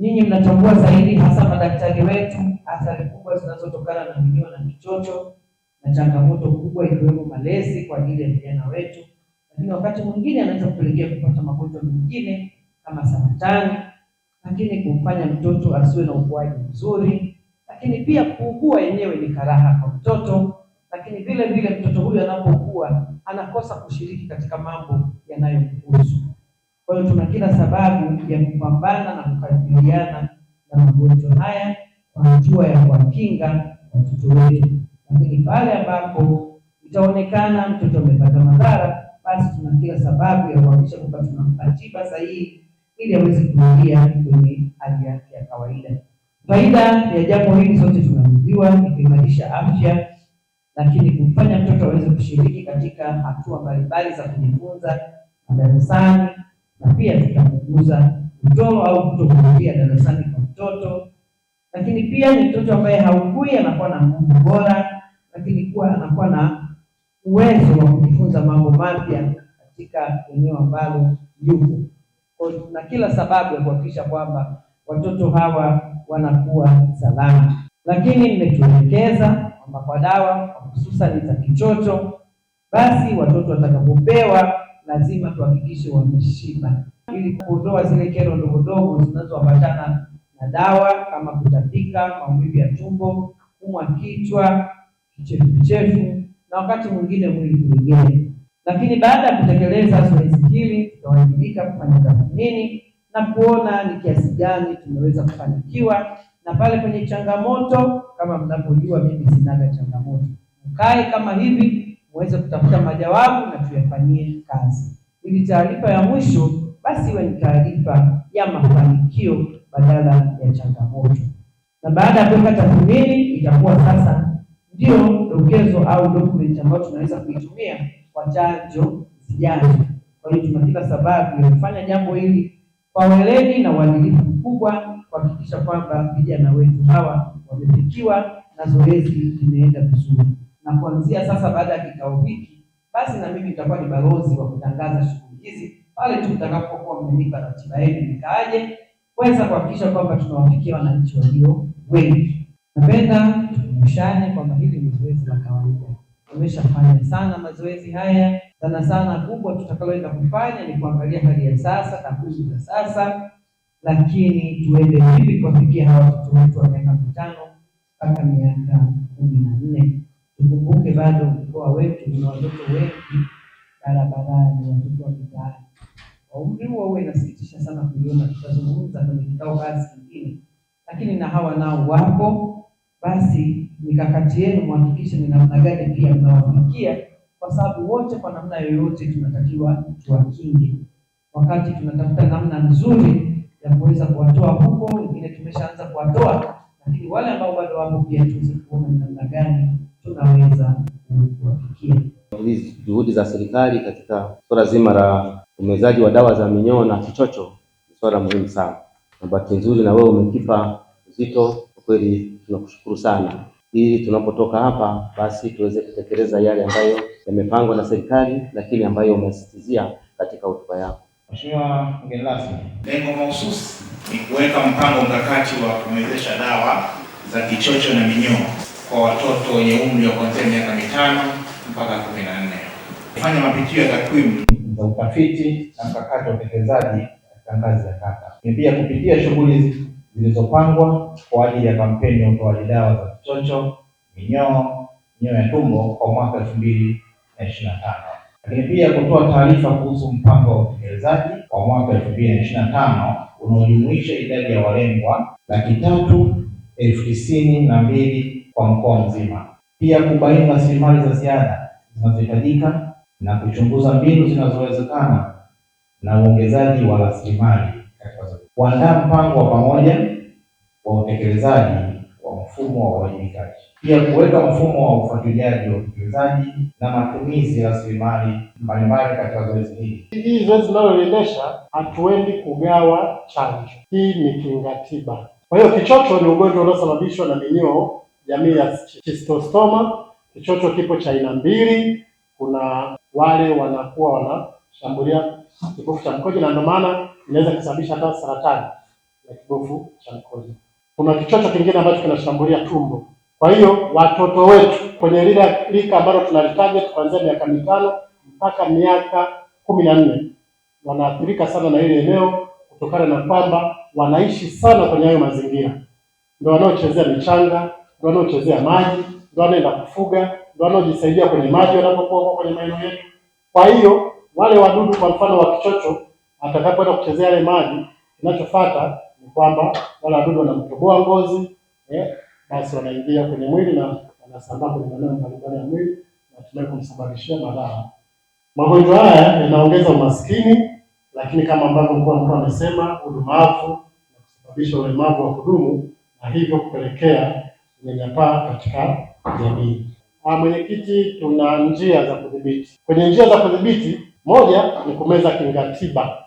Nyinyi mnatambua zaidi, hasa madaktari wetu, athari kubwa zinazotokana na minyoo na kichocho na changamoto kubwa ikiwemo malezi kwa ajili ya vijana wetu, lakini wakati mwingine anaweza kupelekea kupata magonjwa mengine kama saratani, lakini kumfanya mtoto asiwe na ukuaji mzuri, lakini pia kuugua yenyewe ni karaha kwa mtoto, lakini vile vile mtoto huyu anapokuwa anakosa kushiriki katika mambo yanayomhusu. Kwa hiyo tuna kila sababu ya kupambana na kukabiliana na magonjwa haya kwa hatua ya kuwakinga watoto wetu, lakini pale ambapo itaonekana mtoto amepata madhara, basi tuna kila sababu ya kuhakikisha kwamba tunampa tiba sahihi ili aweze kurudia kwenye hali yake ya kawaida. Faida ya jambo hili sote tunajua ni kuimarisha afya, lakini kumfanya mtoto aweze kushiriki katika hatua mbalimbali za kujifunza madarasani na pia tutapunguza kutoa au kutokuhudhuria darasani kwa mtoto. Lakini pia ni mtoto ambaye haukui, anakuwa na Mungu bora, lakini kuwa anakuwa na uwezo wa kujifunza mambo mapya katika eneo ambalo yuko, na kila sababu ya kuhakikisha kwamba watoto hawa wanakuwa salama. Lakini nimetuelekeza kwamba kwa dawa hususani za kichocho, basi watoto watakapopewa lazima tuhakikishe wameshiba, ili kuondoa zile kero ndogo ndogo zinazoambatana na dawa kama kutapika, maumivu ya tumbo, kumwa kichwa, kichefuchefu na wakati mwingine mwili kulegea. Lakini baada ya kutekeleza zoezi hili, tutawajibika kufanya tathmini na kuona ni kiasi gani tumeweza kufanikiwa, na pale kwenye changamoto, kama mnavyojua, mimi sinaga changamoto, mkae kama hivi muweze kutafuta majawabu na tuyafanyie kazi, ili taarifa ya mwisho basi iwe ni taarifa ya mafanikio badala ya changamoto. Na baada ya kuweka tathmini, itakuwa sasa ndio dokezo au document ambayo tunaweza kuitumia kwa chanjo zijazo. Kwa hiyo tuna kila sababu ya kufanya jambo hili kwa weledi na uadilifu mkubwa, kuhakikisha kwamba vijana wetu hawa wamefikiwa na zoezi limeenda vizuri na kuanzia sasa, baada ya kikao hiki, basi na mimi nitakuwa ni balozi wa kutangaza shughuli hizi pale tu tutakapokuwa mmenipa ratiba yenu nikaaje kuweza kuhakikisha kwamba tunawafikia wananchi walio wengi. Napenda tukumbushane kwamba hili ni zoezi la kawaida, tumeshafanya sana mazoezi haya. Sana sana kubwa tutakaloenda kufanya ni kuangalia hali ya sasa, takwimu za sasa, lakini tuende vipi kuwafikia hawa watoto wetu wa miaka mitano mpaka miaka kumi na nne bado mkoa wetu una watoto wengi barabarani, watoto wa mitaani. Kwa umri huo huwa inasikitisha sana kuiona, tutazungumza kwenye kikao basi kingine, lakini na hawa nao wapo. Basi mikakati yenu muhakikishe ni namna gani pia mnawafikia, kwa sababu wote kwa namna yoyote tunatakiwa tuwakinge, wakati tunatafuta namna nzuri ya kuweza kuwatoa huko. Wengine tumeshaanza kuwatoa, lakini wale ambao bado wapo pia tuweze kuona ni namna gani tunaweza kuwafikia. Hizi juhudi za serikali katika suala zima la umezaji wa dawa za minyoo na kichocho ni swala muhimu sana, na bahati nzuri na wewe umekipa uzito. Kwa kweli tunakushukuru sana, ili tunapotoka hapa basi tuweze kutekeleza yale ambayo yamepangwa na serikali, lakini ambayo umesisitizia katika hotuba yako. Mheshimiwa mgeni rasmi, lengo mahususi ni kuweka mpango mkakati wa kumwezesha dawa za kichocho na minyoo kwa watoto wenye umri wa kuanzia miaka mitano mpaka kumi na nne. Fanya mapitio ya takwimu za utafiti na mkakati wa utekelezaji katika ngazi za kata. Ni pia kupitia shughuli zilizopangwa kwa ajili ya kampeni ya utoaji dawa za kichocho, minyoo, minyoo ya tumbo kwa mwaka elfu mbili na ishirini na tano lakini pia kutoa taarifa kuhusu mpango wa utekelezaji kwa mwaka elfu mbili na ishirini na tano unaojumuisha idadi ya walengwa laki tatu elfu tisini na mbili kwa mkoa mzima, pia kubaini rasilimali za ziada zinazohitajika na kuchunguza mbinu zinazowezekana na uongezaji wa rasilimali katika kuandaa mpango wa pamoja wa utekelezaji wa mfumo wa uwajibikaji, pia kuweka mfumo wa ufuatiliaji wa utekelezaji na matumizi ya rasilimali mbalimbali katika zoezi hili. Hii zoezi linaloendesha, hatuendi kugawa chanjo, hii ni kinga tiba. Kwa hiyo kichocho ni ugonjwa unaosababishwa na minyoo jamii ya schistosoma. Kichocho kipo cha aina mbili, kuna wale wanakuwa wanashambulia kibofu cha mkojo na ndio maana inaweza kusababisha hata saratani ya kibofu cha mkojo. Kuna kichocho kingine ambacho kinashambulia tumbo. Kwa hiyo watoto wetu kwenye lile lika ambalo tunalitaja kuanzia miaka mitano mpaka miaka kumi na nne wanaathirika sana na ile eneo, kutokana na kwamba wanaishi sana kwenye hayo mazingira, ndio wanaochezea michanga ndio wanaochezea maji, ndio wanaenda kufuga, ndio wanaojisaidia kwenye maji wanapokuwa kwenye maeneo yetu. Kwa hiyo wale wadudu, kwa mfano wa kichocho, atakapoenda kuchezea yale maji, kinachofuata ni kwamba wale wadudu wanamtoboa ngozi eh, basi wanaingia kwenye mwili na wanasambaa kwenye maeneo mbalimbali ya mwili na hatimaye kumsababishia madhara. Magonjwa haya yanaongeza umaskini, lakini kama ambavyo mkuu wa mkoa amesema, udumavu na kusababisha ulemavu wa kudumu na hivyo kupelekea unyanyapaa katika jamii. Ah, mwenyekiti, tuna njia za kudhibiti. Kwenye njia za kudhibiti, moja ni kumeza kingatiba